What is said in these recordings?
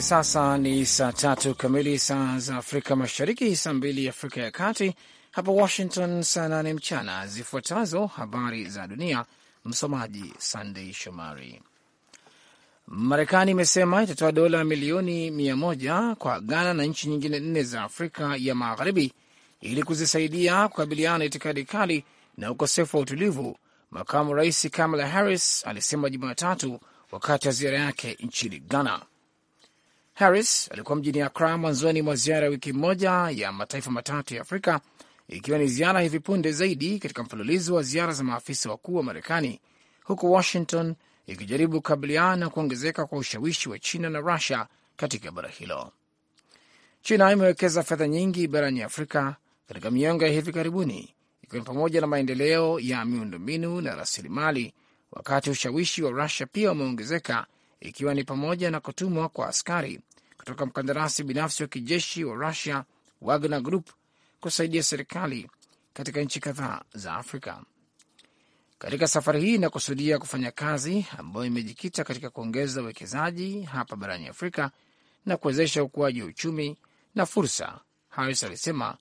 hivi sasa ni saa tatu kamili saa za Afrika Mashariki, saa mbili Afrika ya Kati, hapa Washington saa nane mchana. Zifuatazo habari za dunia, msomaji Sandei Shomari. Marekani imesema itatoa dola milioni mia moja kwa Ghana na nchi nyingine nne za Afrika ya Magharibi ili kuzisaidia kukabiliana na itikadi kali na ukosefu wa utulivu. Makamu Rais Kamala Harris alisema Jumatatu wakati wa ziara yake nchini Ghana. Harris alikuwa mjini Akra mwanzoni mwa ziara ya wiki moja ya mataifa matatu ya Afrika, ikiwa ni ziara hivi punde zaidi katika mfululizo wa ziara za maafisa wakuu wa Marekani, huku Washington ikijaribu kukabiliana na kuongezeka kwa ushawishi wa China na Rusia katika bara hilo. China imewekeza fedha nyingi barani Afrika katika miongo ya hivi karibuni, ikiwa ni pamoja na maendeleo ya miundombinu na rasilimali, wakati ushawishi wa Rusia pia umeongezeka, ikiwa ni pamoja na kutumwa kwa askari kutoka mkandarasi binafsi wa kijeshi wa Rusia Wagner Group kusaidia serikali katika nchi kadhaa za Afrika. Katika safari hii inakusudia kufanya kazi ambayo imejikita katika kuongeza uwekezaji hapa barani Afrika na kuwezesha ukuaji wa uchumi na fursa, Harris alisema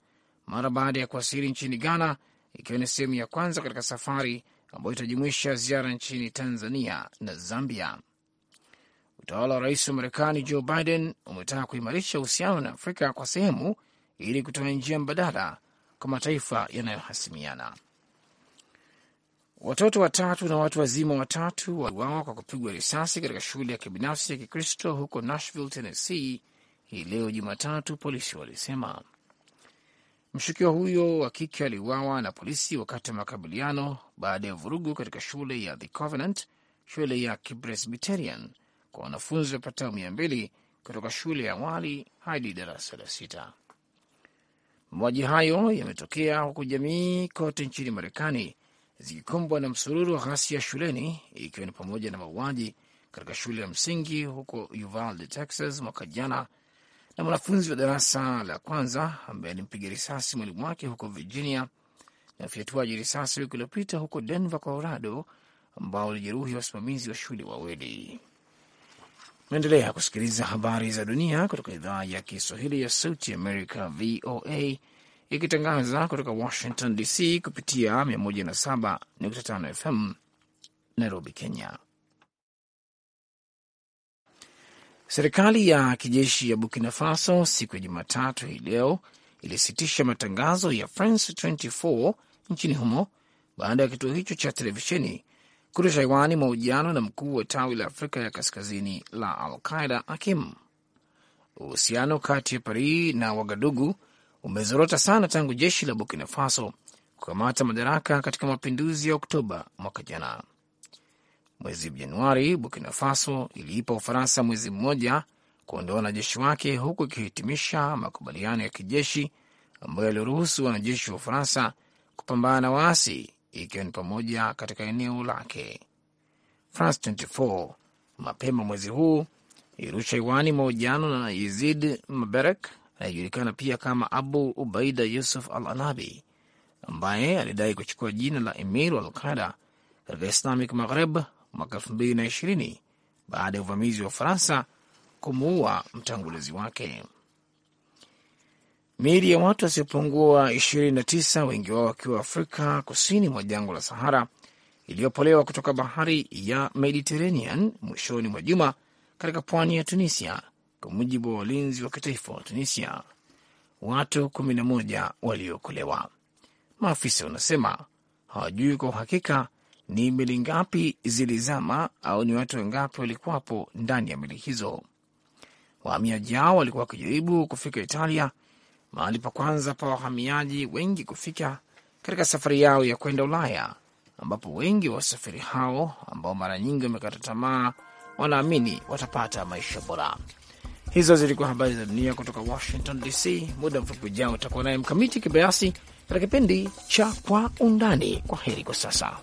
mara baada ya kuwasili nchini Ghana, ikiwa ni sehemu ya kwanza katika safari ambayo itajumuisha ziara nchini Tanzania na Zambia. Utawala wa rais wa Marekani Joe Biden umetaka kuimarisha uhusiano na Afrika kwa sehemu ili kutoa njia mbadala kwa mataifa yanayohasimiana. Watoto watatu na watu wazima watatu waliuawa kwa kupigwa risasi katika shule ya kibinafsi ya Kikristo huko Nashville, Tennessee hii leo Jumatatu, polisi walisema. Mshukiwa huyo wa kike aliuawa na polisi wakati wa makabiliano baada ya vurugu katika shule ya The Covenant, shule ya Kipresbiterian kwa wanafunzi wapatao mia mbili kutoka shule ya awali hadi darasa la sita. Mauaji hayo yametokea huku jamii kote nchini Marekani zikikumbwa na msururu wa ghasia shuleni, ikiwa ni pamoja na mauaji katika shule ya msingi huko Uvalde, Texas mwaka jana, na mwanafunzi wa darasa la kwanza ambaye alimpiga risasi mwalimu wake huko Virginia, na ufyatuaji risasi wiki iliyopita huko Denver, Colorado, ambao ulijeruhi wasimamizi wa shule wawili. Naendelea kusikiliza habari za dunia kutoka idhaa ya Kiswahili ya Sauti Amerika, VOA, ikitangaza kutoka Washington DC kupitia 107.5 FM Nairobi, Kenya. Serikali ya kijeshi ya Burkina Faso siku ya Jumatatu hii leo ilisitisha matangazo ya France 24 nchini humo baada ya kituo hicho cha televisheni kutoka Taiwani mahojiano na mkuu wa tawi la Afrika ya Kaskazini la Al Qaida Akim. Uhusiano kati ya Paris na Wagadugu umezorota sana tangu jeshi la Burkina Faso kukamata madaraka katika mapinduzi ya Oktoba mwaka jana. Mwezi Januari, Burkina Faso iliipa Ufaransa mwezi mmoja kuondoa wanajeshi wake huku ikihitimisha makubaliano ya kijeshi ambayo yaliruhusu wanajeshi wa Ufaransa kupambana na waasi ikiwa ni pamoja katika eneo lake. France 24 mapema mwezi huu irusha iwani mahojiano na Yazid Maberek anayejulikana pia kama Abu Ubaida Yusuf al Anabi ambaye alidai kuchukua jina la emir al qaida katika Islamic Maghreb mwaka ishirini baada ya uvamizi wa Ufaransa kumuua mtangulizi wake. Miili ya watu wasiopungua 29 wengi wao wakiwa Afrika kusini mwa jangwa la Sahara iliyopolewa kutoka bahari ya Mediterranean mwishoni mwa juma katika pwani ya Tunisia, kwa mujibu wa walinzi wa kitaifa wa Tunisia. Watu 11 waliokolewa. Maafisa wanasema hawajui kwa uhakika ni meli ngapi zilizama au ni watu wangapi walikuwapo ndani ya meli hizo. Wahamiaji hao walikuwa wakijaribu kufika Italia mahali pa kwanza pa wahamiaji wengi kufika katika safari yao ya kwenda Ulaya, ambapo wengi wa wasafiri hao ambao mara nyingi wamekata tamaa wanaamini watapata maisha bora. Hizo zilikuwa habari za dunia kutoka Washington DC. Muda mfupi ujao utakuwa naye Mkamiti Kibayasi katika kipindi cha Kwa Undani. Kwa heri kwa sasa.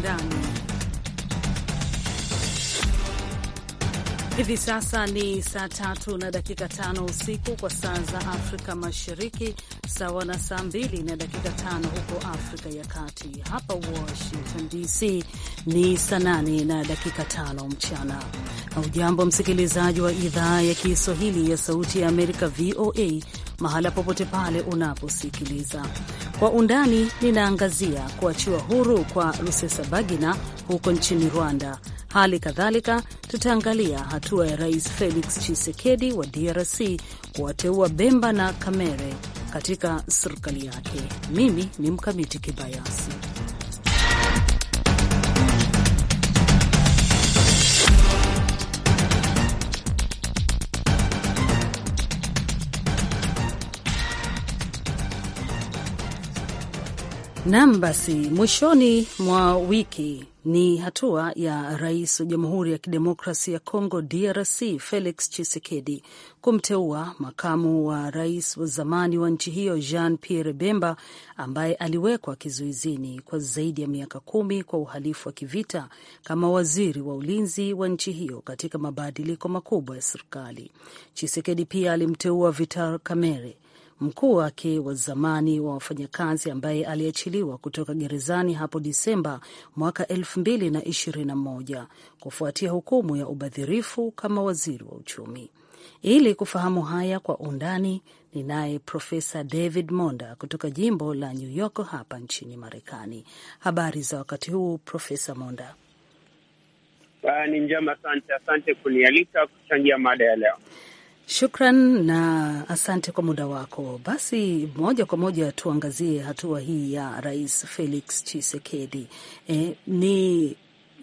undani. Hivi sasa ni saa tatu na dakika tano usiku kwa saa za Afrika Mashariki, sawa na saa mbili na dakika tano huko Afrika ya Kati. Hapa Washington DC ni saa nane na dakika tano mchana. na ujambo msikilizaji wa idhaa ya Kiswahili ya Sauti ya Amerika, VOA mahala popote pale unaposikiliza. Kwa undani, ninaangazia kuachiwa huru kwa Rusesabagina huko nchini Rwanda. Hali kadhalika tutaangalia hatua ya Rais Felix Tshisekedi wa DRC kuwateua Bemba na Kamere katika serikali yake. Mimi ni Mkamiti Kibayasi. Nam, basi mwishoni mwa wiki ni hatua ya rais wa Jamhuri ya Kidemokrasi ya Kongo DRC Felix Tshisekedi kumteua makamu wa rais wa zamani wa nchi hiyo Jean Pierre Bemba ambaye aliwekwa kizuizini kwa zaidi ya miaka kumi kwa uhalifu wa kivita kama waziri wa ulinzi wa nchi hiyo katika mabadiliko makubwa ya serikali. Tshisekedi pia alimteua Vital Kamerhe mkuu wake wa zamani wa wafanyakazi ambaye aliachiliwa kutoka gerezani hapo Disemba mwaka 2021 kufuatia hukumu ya ubadhirifu kama waziri wa uchumi. Ili kufahamu haya kwa undani, ninaye Profesa David Monda kutoka jimbo la New York hapa nchini Marekani. Habari za wakati huu, Profesa Monda? Ah, ni njema, asante. Asante kunialika kuchangia mada ya leo. Shukran na asante kwa muda wako. Basi moja kwa moja tuangazie hatua hii ya Rais Felix Tshisekedi. E, ni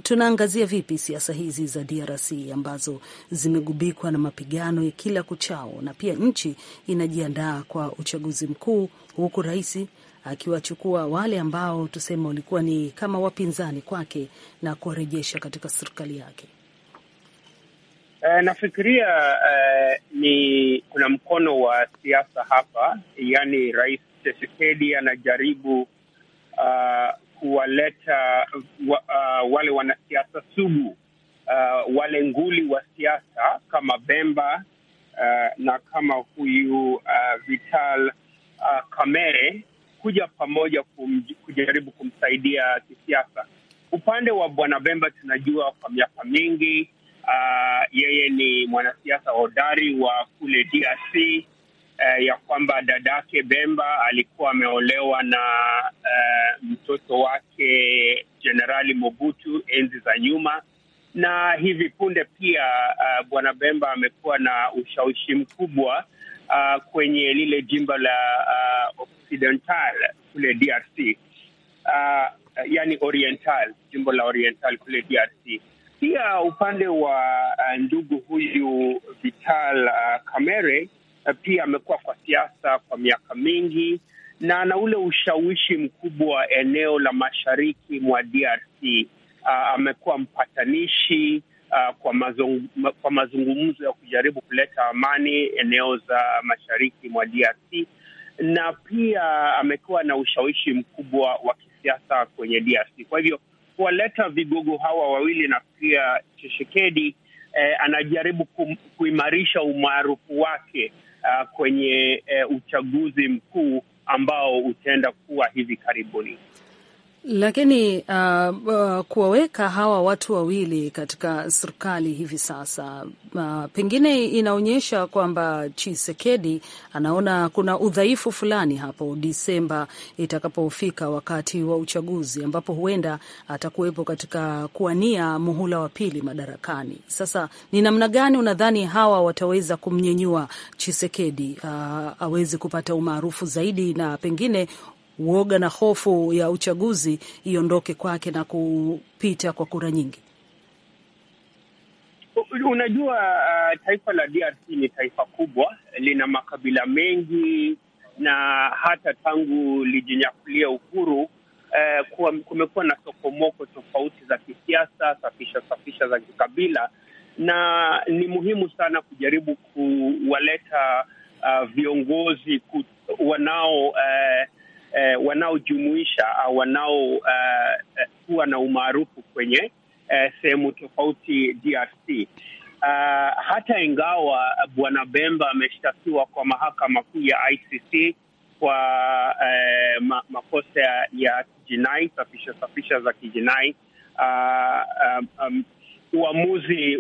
tunaangazia vipi siasa hizi za DRC ambazo zimegubikwa na mapigano ya kila kuchao, na pia nchi inajiandaa kwa uchaguzi mkuu, huku rais akiwachukua wale ambao tuseme walikuwa ni kama wapinzani kwake na kuwarejesha katika serikali yake. Uh, nafikiria uh, ni kuna mkono wa siasa hapa, yaani Rais Tshisekedi anajaribu uh, kuwaleta wa, uh, wale wanasiasa sugu uh, wale nguli wa siasa kama Bemba uh, na kama huyu uh, Vital uh, Kamerhe kuja pamoja kum, kujaribu kumsaidia kisiasa. Upande wa Bwana Bemba tunajua kwa miaka mingi Uh, yeye ni mwanasiasa hodari wa kule DRC uh, eh, ya kwamba dadake Bemba alikuwa ameolewa na uh, mtoto wake Jenerali Mobutu enzi za nyuma, na hivi punde pia uh, bwana Bemba amekuwa na ushawishi mkubwa uh, kwenye lile jimbo la uh, Occidental kule DRC uh, yani Oriental, jimbo la Oriental kule DRC pia upande wa uh, ndugu huyu Vital uh, Kamerhe uh, pia amekuwa kwa siasa kwa miaka mingi na ana ule ushawishi mkubwa wa eneo la mashariki mwa DRC. Uh, amekuwa mpatanishi uh, kwa, mazung, kwa mazungumzo ya kujaribu kuleta amani eneo za mashariki mwa DRC, na pia amekuwa na ushawishi mkubwa wa kisiasa kwenye DRC. Kwa hivyo kuwaleta vigogo hawa wawili na pia Cheshekedi eh, anajaribu kum, kuimarisha umaarufu wake uh, kwenye eh, uchaguzi mkuu ambao utaenda kuwa hivi karibuni. Lakini uh, uh, kuwaweka hawa watu wawili katika serikali hivi sasa uh, pengine inaonyesha kwamba Chisekedi anaona kuna udhaifu fulani hapo Disemba itakapofika wakati wa uchaguzi, ambapo huenda atakuwepo katika kuwania muhula wa pili madarakani. Sasa ni namna gani unadhani hawa wataweza kumnyenyua Chisekedi uh, aweze kupata umaarufu zaidi na pengine uoga na hofu ya uchaguzi iondoke kwake na kupita kwa kura nyingi? Unajua, uh, taifa la DRC ni taifa kubwa, lina makabila mengi na hata tangu lijinyakulia uhuru uh, kumekuwa na sokomoko tofauti za kisiasa, safisha safisha za kikabila, na ni muhimu sana kujaribu kuwaleta uh, viongozi wanao uh, eh, wanaojumuisha au wanaokuwa eh, uh, na umaarufu kwenye eh, sehemu tofauti DRC. Uh, eh, hata ingawa Bwana Bemba ameshtakiwa kwa mahakama kuu ya ICC kwa uh, ma, makosa ya kijinai, safisha safisha za kijinai uh, um, um, uamuzi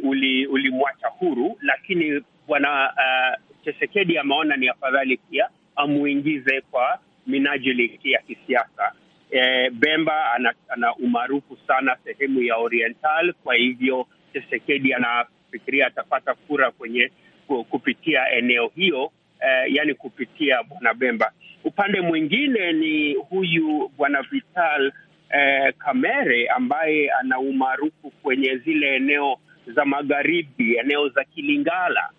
ulimwacha uli huru, lakini bwana uh, Chesekedi ameona ni afadhali pia amuingize kwa minajili ya kisiasa. E, Bemba ana, ana umaarufu sana sehemu ya Oriental, kwa hivyo chesekedi anafikiria atapata kura kwenye kupitia eneo hiyo e, yani kupitia bwana Bemba. Upande mwingine ni huyu bwana Vital e, Kamere ambaye ana umaarufu kwenye zile eneo za magharibi, eneo za Kilingala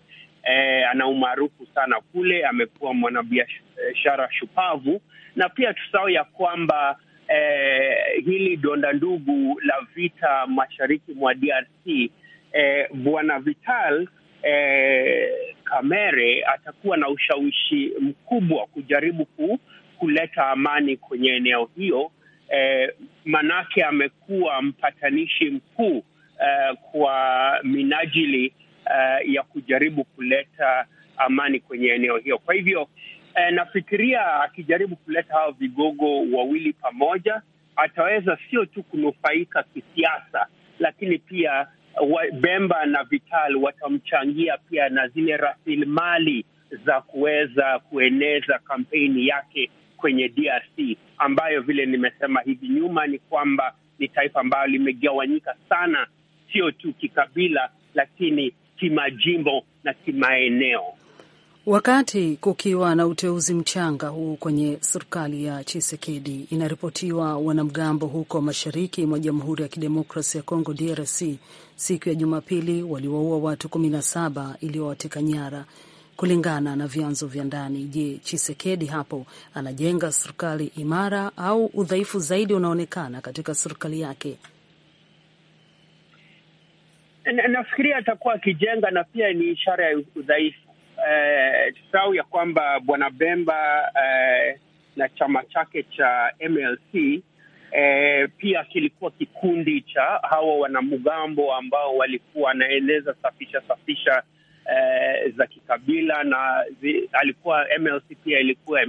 eh, ana umaarufu sana kule, amekuwa mwanabiashara shupavu, na pia tusao ya kwamba eh, hili donda ndugu la vita mashariki mwa DRC eh, bwana Vital eh, Kamere atakuwa na ushawishi mkubwa kujaribu ku, kuleta amani kwenye eneo hiyo. E, manake amekuwa mpatanishi mkuu uh, kwa minajili uh, ya kujaribu kuleta amani kwenye eneo hiyo. Kwa hivyo uh, nafikiria akijaribu kuleta hao vigogo wawili pamoja ataweza sio tu kunufaika kisiasa, lakini pia eh, wa, Bemba na Vital watamchangia pia na zile rasilimali za kuweza kueneza kampeni yake kwenye DRC ambayo vile nimesema hivi nyuma ni kwamba ni taifa ambalo limegawanyika sana, sio tu kikabila, lakini kimajimbo na kimaeneo. Wakati kukiwa na uteuzi mchanga huu kwenye serikali ya Chisekedi, inaripotiwa wanamgambo huko mashariki mwa Jamhuri ya Kidemokrasi ya Kongo, DRC, siku ya Jumapili waliwaua watu 17 iliyowateka nyara, kulingana na vyanzo vya ndani. Je, Chisekedi hapo anajenga serikali imara au udhaifu zaidi unaonekana katika serikali yake? nafikiria atakuwa akijenga na pia ni ishara ya udhaifu. Eh, ya kwamba bwana Bemba eh, na chama chake cha MLC eh, pia kilikuwa kikundi cha hawa wanamgambo ambao walikuwa wanaeneza safisha safisha eh, za kikabila na zi, alikuwa MLC pia ilikuwa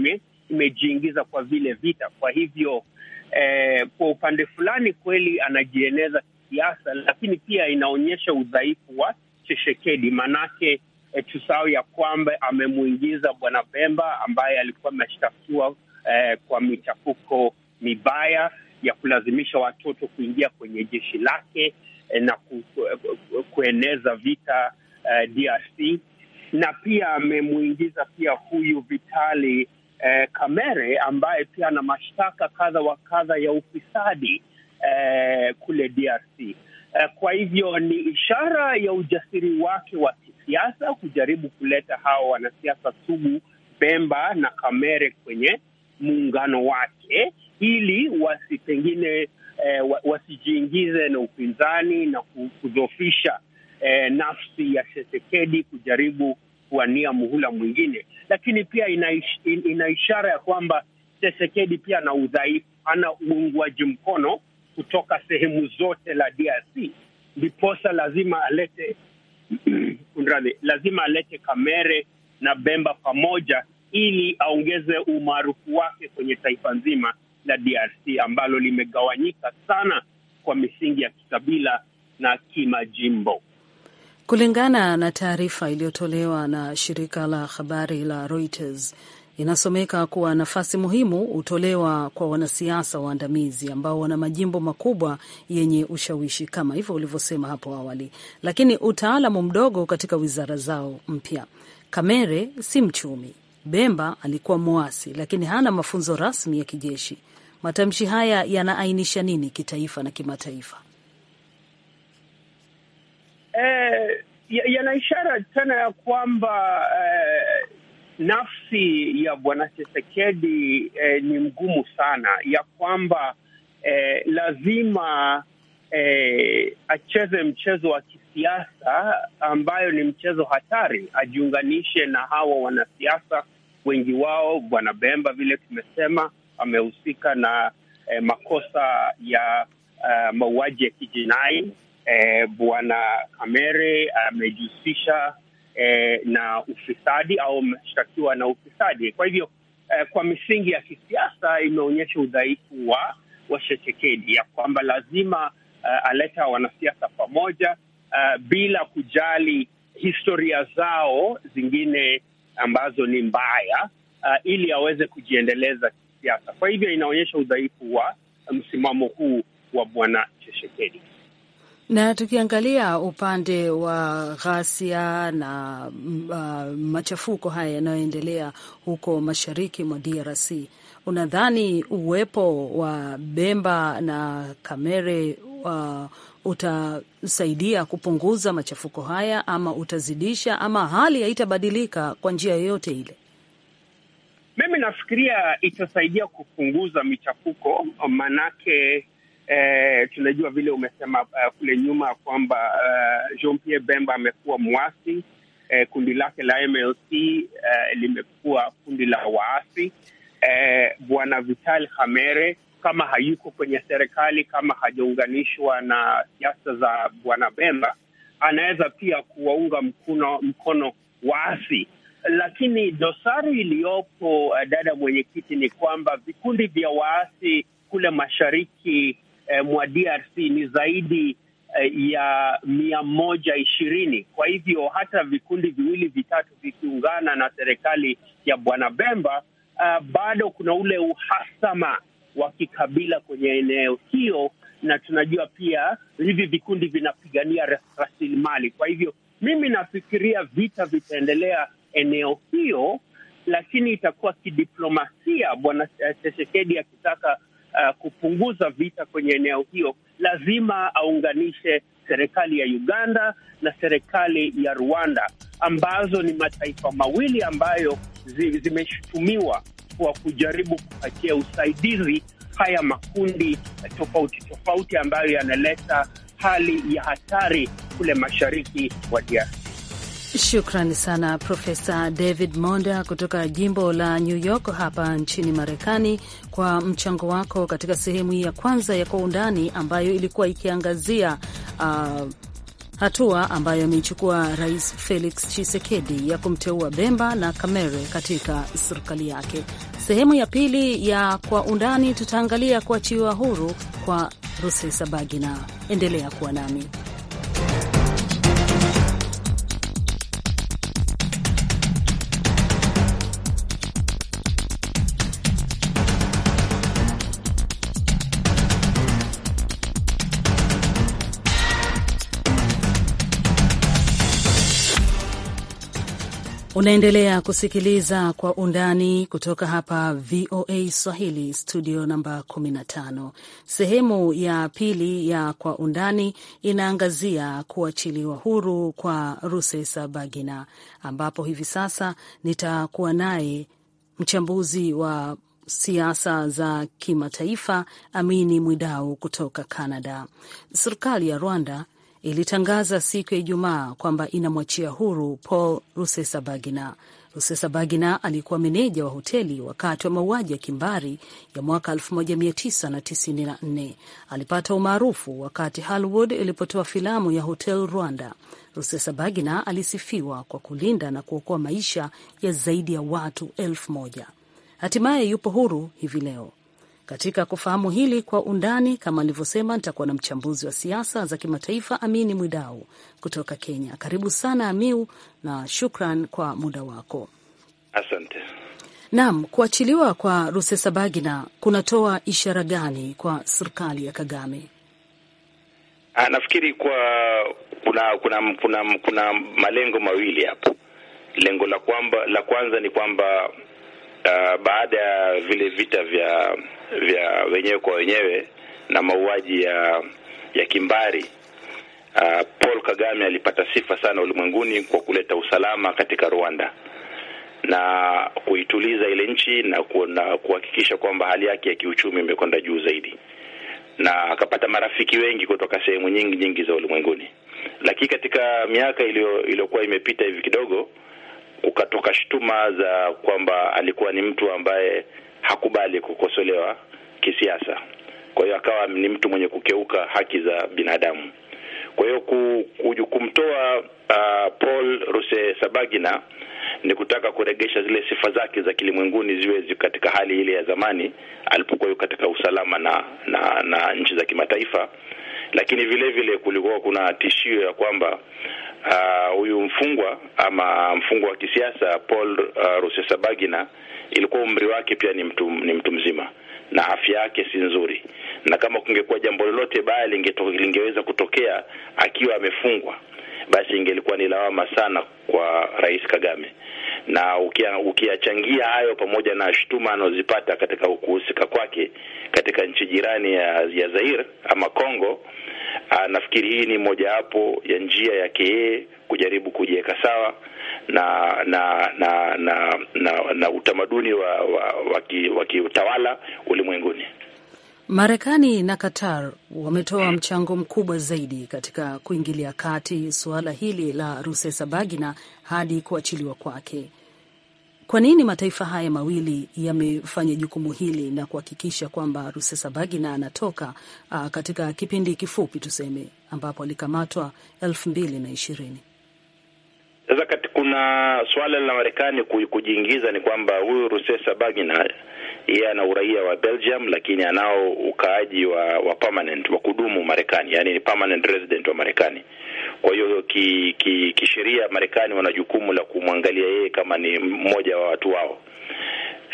imejiingiza kwa vile vita. Kwa hivyo eh, kwa upande fulani kweli anajieneza kisiasa, lakini pia inaonyesha udhaifu wa Tshisekedi. manake E, tusahau ya kwamba amemwingiza bwana Bemba ambaye alikuwa ameshtakiwa eh, kwa michafuko mibaya ya kulazimisha watoto kuingia kwenye jeshi lake eh, na ku, ku, ku, kueneza vita eh, DRC na pia amemwingiza pia huyu Vitali eh, Kamere ambaye pia ana mashtaka kadha wa kadha ya ufisadi eh, kule DRC eh. Kwa hivyo ni ishara ya ujasiri wake wa kisiasa kujaribu kuleta hawa wanasiasa sugu Bemba na Kamere kwenye muungano wake ili wasi pengine eh, wasijiingize na upinzani na kudhofisha eh, nafsi ya Shesekedi kujaribu kuwania muhula mwingine, lakini pia ina ishara ya kwamba Shesekedi pia ana udhaifu, ana uungwaji mkono kutoka sehemu zote la DRC, ndiposa lazima alete kundrani, lazima alete Kamere na Bemba pamoja ili aongeze umaarufu wake kwenye taifa nzima la DRC ambalo limegawanyika sana kwa misingi ya kikabila na kimajimbo. Kulingana na taarifa iliyotolewa na shirika la habari la Reuters inasomeka kuwa nafasi muhimu hutolewa kwa wanasiasa waandamizi ambao wana majimbo makubwa yenye ushawishi kama hivyo ulivyosema hapo awali, lakini utaalamu mdogo katika wizara zao mpya. Kamere si mchumi. Bemba alikuwa mwasi, lakini hana mafunzo rasmi ya kijeshi. Matamshi haya yanaainisha nini kitaifa na kimataifa? Eh, yana ishara tena ya kwamba eh, nafsi ya bwana chisekedi eh, ni mgumu sana, ya kwamba eh, lazima eh, acheze mchezo wa kisiasa ambayo ni mchezo hatari, ajiunganishe na hawa wanasiasa wengi wao. Bwana Bemba vile tumesema amehusika na eh, makosa ya uh, mauaji ya kijinai. Eh, bwana Kamere amejihusisha eh, na ufisadi au ameshtakiwa na ufisadi. Kwa hivyo eh, kwa misingi ya kisiasa imeonyesha udhaifu wa washechekedi ya kwamba lazima uh, aleta wanasiasa pamoja uh, bila kujali historia zao zingine ambazo ni mbaya uh, ili aweze kujiendeleza kisiasa. Kwa hivyo inaonyesha udhaifu wa msimamo huu wa bwana cheshekedi na tukiangalia upande wa ghasia na uh, machafuko haya yanayoendelea huko mashariki mwa DRC, unadhani uwepo wa Bemba na Kamere uh, utasaidia kupunguza machafuko haya ama utazidisha ama hali haitabadilika kwa njia yoyote ile? Mimi nafikiria itasaidia kupunguza michafuko, manake eh, tunajua vile umesema uh, kule nyuma kwamba uh, eh, Jean Pierre Bemba amekuwa mwasi eh, kundi lake la MLC eh, limekuwa kundi la waasi eh, bwana Vital Hamere kama hayuko kwenye serikali, kama hajaunganishwa na siasa za bwana Bemba, anaweza pia kuwaunga mkono mkono waasi. Lakini dosari iliyopo, eh, dada mwenyekiti, ni kwamba vikundi vya waasi kule mashariki eh, mwa DRC ni zaidi eh, ya mia moja ishirini. Kwa hivyo hata vikundi viwili vitatu vikiungana na serikali ya Bwana Bemba, uh, bado kuna ule uhasama wa kikabila kwenye eneo hiyo, na tunajua pia hivi vikundi vinapigania rasilimali. Kwa hivyo mimi nafikiria vita vitaendelea eneo hiyo, lakini itakuwa kidiplomasia, Bwana eh, Tshisekedi akitaka uh, kupunguza vita kwenye eneo hiyo, lazima aunganishe serikali ya Uganda na serikali ya Rwanda ambazo ni mataifa mawili ambayo zimeshutumiwa kwa kujaribu kupatia usaidizi haya makundi tofauti tofauti ambayo yanaleta hali ya hatari kule mashariki wa DRC. Shukrani sana Profesa David Monda kutoka jimbo la New York hapa nchini Marekani kwa mchango wako katika sehemu hii ya kwanza ya Kwa Undani ambayo ilikuwa ikiangazia uh, hatua ambayo ameichukua Rais Felix Tshisekedi ya kumteua Bemba na Kamere katika serikali yake. Sehemu ya pili ya Kwa Undani tutaangalia kuachiwa huru kwa Rusesabagina. Endelea kuwa nami. Unaendelea kusikiliza Kwa Undani kutoka hapa VOA Swahili, studio namba 15. Sehemu ya pili ya Kwa Undani inaangazia kuachiliwa huru kwa Rusesabagina, ambapo hivi sasa nitakuwa naye mchambuzi wa siasa za kimataifa Amini Mwidau kutoka Canada. Serikali ya Rwanda ilitangaza siku ya Ijumaa kwamba inamwachia huru Paul Rusesabagina. Rusesabagina alikuwa meneja wa hoteli wakati wa mauaji ya kimbari ya mwaka 1994. Alipata umaarufu wakati Hollywood ilipotoa filamu ya Hotel Rwanda. Rusesabagina alisifiwa kwa kulinda na kuokoa maisha ya zaidi ya watu elfu moja. Hatimaye yupo huru hivi leo. Katika kufahamu hili kwa undani, kama alivyosema, nitakuwa na mchambuzi wa siasa za kimataifa Amini Mwidau kutoka Kenya. Karibu sana Amiu, na shukran kwa muda wako, asante. Naam, kuachiliwa kwa Rusesabagina kunatoa ishara gani kwa serikali ya Kagame? Ah, nafikiri kwa kuna kuna kuna kuna malengo mawili hapo. Lengo la kwamba la kwanza ni kwamba uh, baada ya vile vita vya vya wenyewe kwa wenyewe na mauaji ya ya kimbari uh, Paul Kagame alipata sifa sana ulimwenguni kwa kuleta usalama katika Rwanda na kuituliza ile nchi na kuhakikisha kwamba hali yake ya kiuchumi imekwenda juu zaidi, na akapata marafiki wengi kutoka sehemu nyingi nyingi za ulimwenguni. Lakini katika miaka iliyokuwa imepita hivi kidogo kukatoka shutuma za kwamba alikuwa ni mtu ambaye hakubali kukosolewa kisiasa. Kwa hiyo akawa ni mtu mwenye kukeuka haki za binadamu. Kwa hiyo kumtoa uh, Paul Rusesabagina ni kutaka kuregesha zile sifa zake za kilimwenguni ziwe katika hali ile ya zamani alipokuwa katika usalama na na, na nchi za kimataifa lakini vile vile kulikuwa kuna tishio ya kwamba ah, huyu uh, mfungwa ama mfungwa wa kisiasa Paul uh, Rusesabagina, ilikuwa umri wake pia ni mtu, ni mtu mzima na afya yake si nzuri, na kama kungekuwa jambo lolote baya lingeweza kutokea akiwa amefungwa basi ingelikuwa ni lawama sana kwa Rais Kagame, na ukiyachangia ukia hayo pamoja na shutuma anazipata katika kuhusika kwake katika nchi jirani ya, ya Zaire ama Congo, ah, nafikiri hii ni mojawapo ya njia yake yeye kujaribu kujiweka sawa na na na na, na, na utamaduni wa, wa, wa kiutawala ulimwenguni. Marekani na Qatar wametoa mchango mkubwa zaidi katika kuingilia kati suala hili la Rusesabagina hadi kuachiliwa kwake. Kwa nini mataifa haya mawili yamefanya jukumu hili na kuhakikisha kwamba Rusesabagina anatoka uh, katika kipindi kifupi tuseme, ambapo alikamatwa elfu mbili na ishirini? Sasa kuna suala la Marekani kujiingiza ni kwamba huyu Rusesabagina yeye ana uraia wa Belgium, lakini anao ukaaji wa wa permanent wa kudumu Marekani, yani ni permanent resident wa Marekani. Kwa hiyo kisheria ki, Marekani wana jukumu la kumwangalia yeye kama ni mmoja wa watu wao.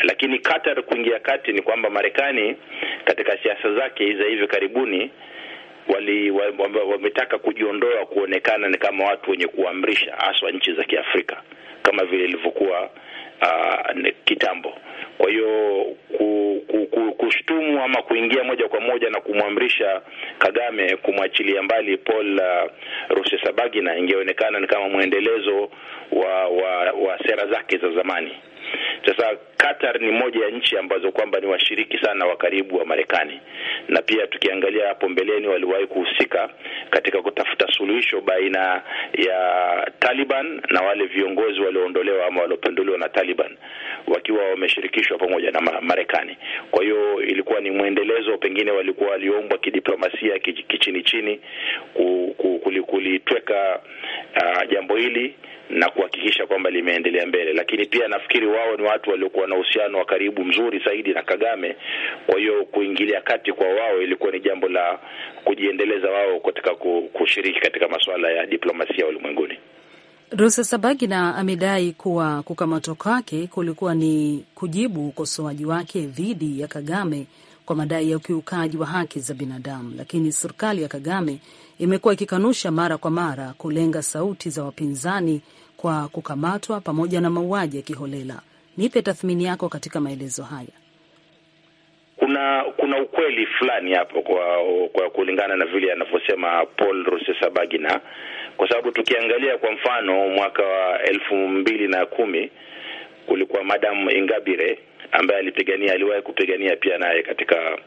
Lakini Qatar kuingia kati ni kwamba Marekani katika siasa zake za hivi karibuni wali wametaka kujiondoa kuonekana ni kama watu wenye kuamrisha, haswa nchi za Kiafrika kama vile ilivyokuwa uh, kitambo. Kwa hiyo ku, ku, ku, kushtumu ama kuingia moja kwa moja na kumwamrisha Kagame kumwachilia mbali Paul uh, Rusesabagina ingeonekana ni kama mwendelezo wa, wa, wa sera zake za zamani. Sasa Qatar ni moja ya nchi ambazo kwamba ni washiriki sana wa karibu wa Marekani, na pia tukiangalia hapo mbeleni waliwahi kuhusika katika kutafuta suluhisho baina ya Taliban na wale viongozi walioondolewa ama waliopinduliwa na Taliban, wakiwa wameshirikishwa pamoja na Marekani. Kwa hiyo ilikuwa ni mwendelezo, pengine walikuwa waliombwa kidiplomasia kichini chini kulitweka uh, jambo hili na kuhakikisha kwamba limeendelea mbele, lakini pia nafikiri wao wao ni watu waliokuwa na uhusiano wa karibu mzuri zaidi na Kagame. Kwa hiyo kuingilia kati kwa wao ilikuwa ni jambo la kujiendeleza wao katika kushiriki katika masuala ya diplomasia ulimwenguni. Rusesabagina amedai kuwa kukamatwa kwake kulikuwa ni kujibu ukosoaji wake dhidi ya Kagame kwa madai ya ukiukaji wa haki za binadamu, lakini serikali ya Kagame imekuwa ikikanusha mara kwa mara kulenga sauti za wapinzani kwa kukamatwa pamoja na mauaji ya kiholela. Nipe tathmini yako katika maelezo haya. Kuna kuna ukweli fulani hapo kwa, kwa kulingana na vile anavyosema Paul Rusesabagina, kwa sababu tukiangalia kwa mfano mwaka wa elfu mbili na kumi kulikuwa Madam Ingabire ambaye alipigania aliwahi kupigania pia naye katika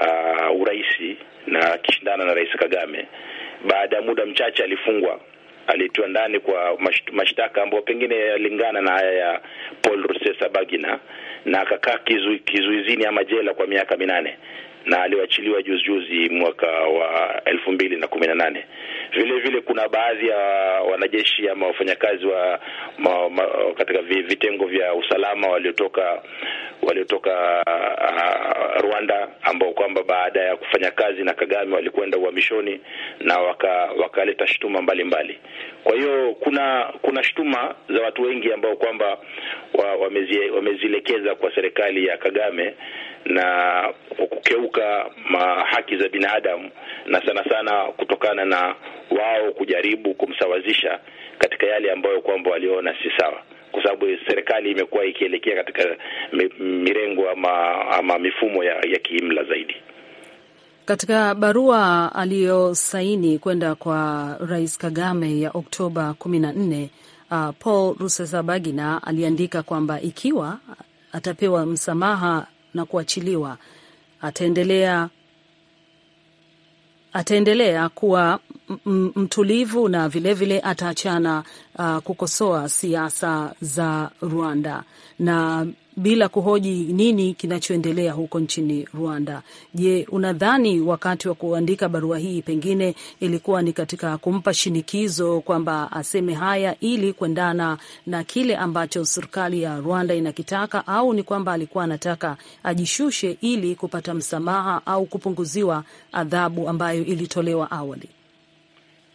uh, uraisi na akishindana na Rais Kagame. Baada ya muda mchache alifungwa alitiwa ndani kwa mashtaka ambayo pengine yalingana na haya ya Paul Rusesabagina na akakaa kizu, kizuizini ama jela kwa miaka minane na aliwachiliwa juzi juzi mwaka wa elfu mbili na kumi na nane. Vile vile kuna baadhi ya wanajeshi ama wafanyakazi wa ma, ma, katika vitengo vya usalama waliotoka waliotoka uh, Rwanda ambao kwamba baada ya kufanya kazi na Kagame walikwenda uhamishoni na wakaleta shtuma mbalimbali. Kwa hiyo kuna kuna shtuma za watu wengi ambao kwamba wamezilekeza wa kwa serikali ya Kagame na kwa kukeuka haki za binadamu na sana sana kutokana na wao kujaribu kumsawazisha katika yale ambayo kwamba waliona si sawa, kwa sababu serikali imekuwa ikielekea katika mirengo ama, ama mifumo ya, ya kiimla zaidi. Katika barua aliyosaini kwenda kwa Rais Kagame ya Oktoba 14, uh, Paul Rusesabagina aliandika kwamba ikiwa atapewa msamaha na kuachiliwa ataendelea ataendelea kuwa mtulivu na vilevile ataachana uh, kukosoa siasa za Rwanda na bila kuhoji nini kinachoendelea huko nchini Rwanda. Je, unadhani wakati wa kuandika barua hii pengine ilikuwa ni katika kumpa shinikizo kwamba aseme haya ili kuendana na kile ambacho serikali ya Rwanda inakitaka, au ni kwamba alikuwa anataka ajishushe ili kupata msamaha au kupunguziwa adhabu ambayo ilitolewa awali?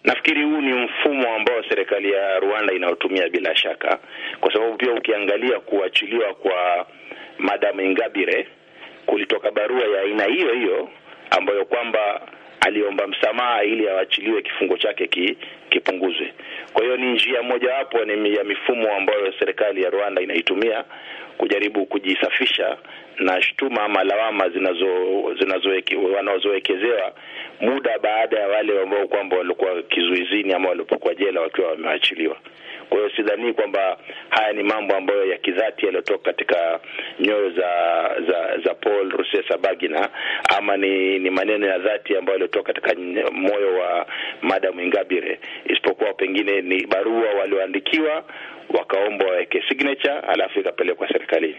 Nafikiri huu ni mfumo ambao serikali ya Rwanda inaotumia bila shaka, kwa sababu pia ukiangalia kuachiliwa kwa Madam Ingabire kulitoka barua ya aina hiyo hiyo ambayo kwamba aliomba msamaha ili awachiliwe kifungo chake ki, kipunguzwe. Kwa hiyo ni njia mojawapo ya mifumo ambayo serikali ya Rwanda inaitumia kujaribu kujisafisha na shutuma ama lawama zinazo wanazowekezewa muda baada ya wale ambao kwamba walikuwa kizuizini ama walipokuwa jela wakiwa wameachiliwa. Kwa hiyo sidhani kwamba haya ni mambo ambayo ya kidhati yaliyotoka katika nyoyo za za za Paul Rusesabagina ama ni, ni maneno ya dhati ambayo yaliyotoka katika moyo wa Madam Ingabire, isipokuwa pengine ni barua walioandikiwa wakaomba waweke signature alafu ikapelekwa serikalini.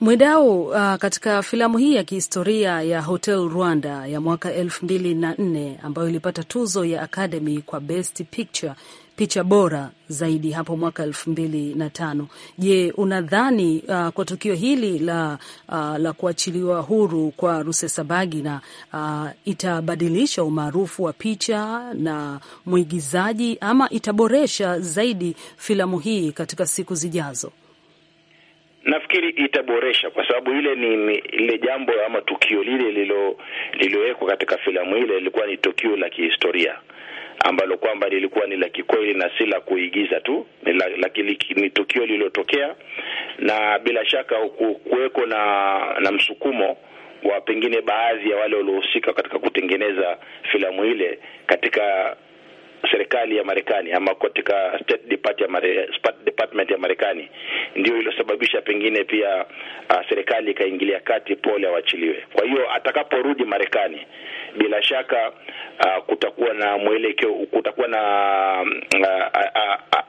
Mwidau, uh, katika filamu hii ya kihistoria ya Hotel Rwanda ya mwaka elfu mbili na nne ambayo ilipata tuzo ya Academy kwa Best Picture, picha bora zaidi hapo mwaka elfu mbili na tano. Je, unadhani uh, kwa tukio hili la, uh, la kuachiliwa huru kwa Rusesabagina uh, itabadilisha umaarufu wa picha na mwigizaji ama itaboresha zaidi filamu hii katika siku zijazo? nafikiri itaboresha kwa sababu ile ni ile jambo ama tukio lile lilo lililowekwa katika filamu ile lilikuwa ni tukio la kihistoria ambalo kwamba lilikuwa ni la kikweli na si la kuigiza tu, ni, la, la, ni tukio lililotokea, na bila shaka kuweko na, na msukumo wa pengine baadhi ya wale waliohusika katika kutengeneza filamu ile katika serikali ya Marekani ama katika State ya Department ya Marekani ndio iliyosababisha pengine pia uh, serikali ikaingilia kati Pole awachiliwe. Kwa hiyo atakaporudi Marekani, bila shaka uh, kutakuwa na mwelekeo kutakuwa na uh, uh,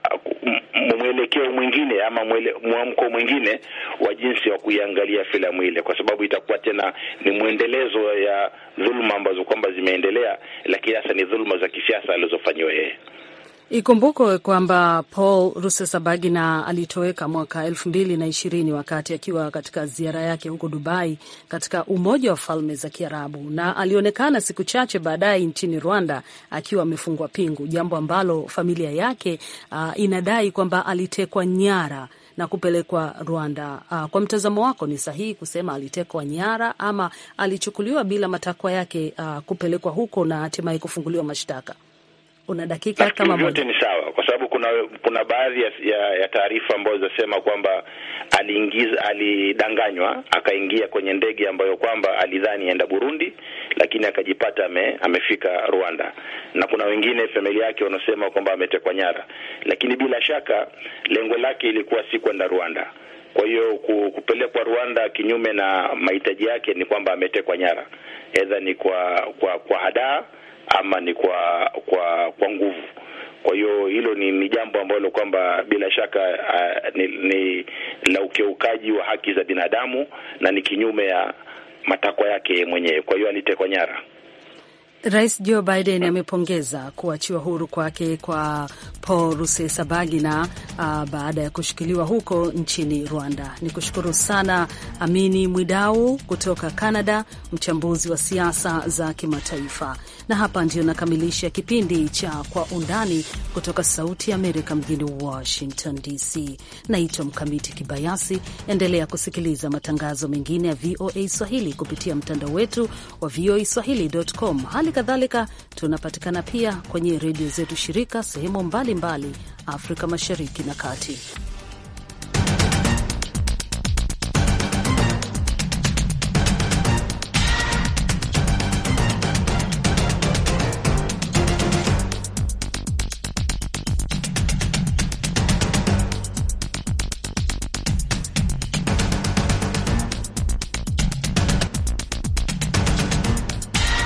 uh, mwelekeo mwingine ama mwamko mwingine wa jinsi wa kuiangalia filamu ile, kwa sababu itakuwa tena ni mwendelezo ya dhuluma ambazo kwamba zimeendelea, lakini hasa ni dhuluma za kisiasa alizofanya mwenyewe yeye. Ikumbukwe kwamba Paul Rusesabagina alitoweka mwaka elfu mbili na ishirini wakati akiwa katika ziara yake huko Dubai katika Umoja wa Falme za Kiarabu, na alionekana siku chache baadaye nchini Rwanda akiwa amefungwa pingu, jambo ambalo familia yake uh, inadai kwamba alitekwa nyara na kupelekwa Rwanda. Uh, kwa mtazamo wako ni sahihi kusema alitekwa nyara ama alichukuliwa bila matakwa yake, uh, kupelekwa huko na hatimaye kufunguliwa mashtaka? una dakika kama moja. Ni sawa, kwa sababu kuna kuna baadhi ya, ya, ya taarifa ambazo zinasema kwamba aliingiza alidanganywa akaingia kwenye ndege ambayo kwamba alidhani aenda Burundi, lakini akajipata ame, amefika Rwanda, na kuna wengine familia yake wanasema kwamba ametekwa nyara, lakini bila shaka lengo lake ilikuwa si kwenda Rwanda. Kwa hiyo kupelekwa Rwanda kinyume na mahitaji yake ni kwamba ametekwa nyara, edha ni kwa kwa, kwa hadaa ama ni kwa kwa kwa nguvu. Kwa hiyo hilo ni, ni jambo ambalo kwamba bila shaka uh, ni, ni la ukiukaji wa haki za binadamu na ni kinyume ya matakwa yake mwenyewe. Kwa hiyo alitekwa nyara. Rais Joe Biden amepongeza kuachiwa huru kwake kwa Paul Rusesabagina uh, baada ya kushikiliwa huko nchini Rwanda. Ni kushukuru sana Amini Mwidau kutoka Canada, mchambuzi wa siasa za kimataifa. Na hapa ndio nakamilisha kipindi cha Kwa Undani kutoka Sauti ya Amerika mjini Washington DC. Naitwa Mkamiti Kibayasi. Endelea kusikiliza matangazo mengine ya VOA Swahili kupitia mtandao wetu wa voa voaswahili.com. Hali kadhalika tunapatikana pia kwenye redio zetu shirika sehemu mbalimbali Afrika Mashariki na Kati.